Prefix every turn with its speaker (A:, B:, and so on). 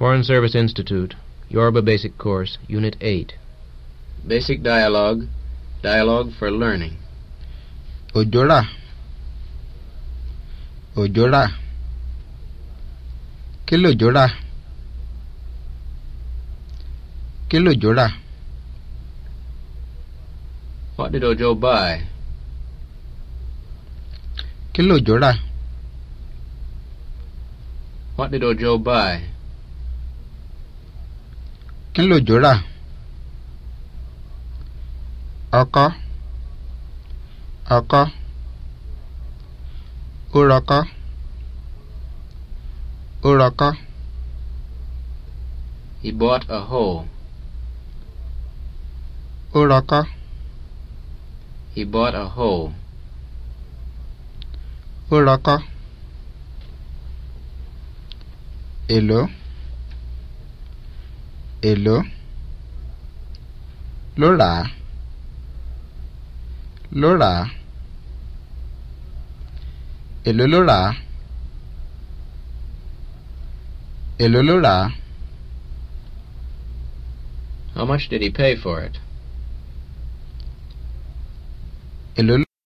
A: Foreign Service Institute, Yoruba Basic Course, Unit 8.
B: Basic Dialogue, Dialogue for Learning.
C: Ojola. Ojola. Kilo lòjò rà? Kí
B: What did Ojo buy?
C: Kilo lòjò
B: What did Ojo buy?
C: kí lòjò rà ọkọ́ ọkọ́ ó rọkọ́ ó
A: He bought a hoe. Ó He bought a hoe.
C: Ó rọkọ́. Èló hello
D: Laura Laura hello Laura hello Laura How much did he pay for it? Hello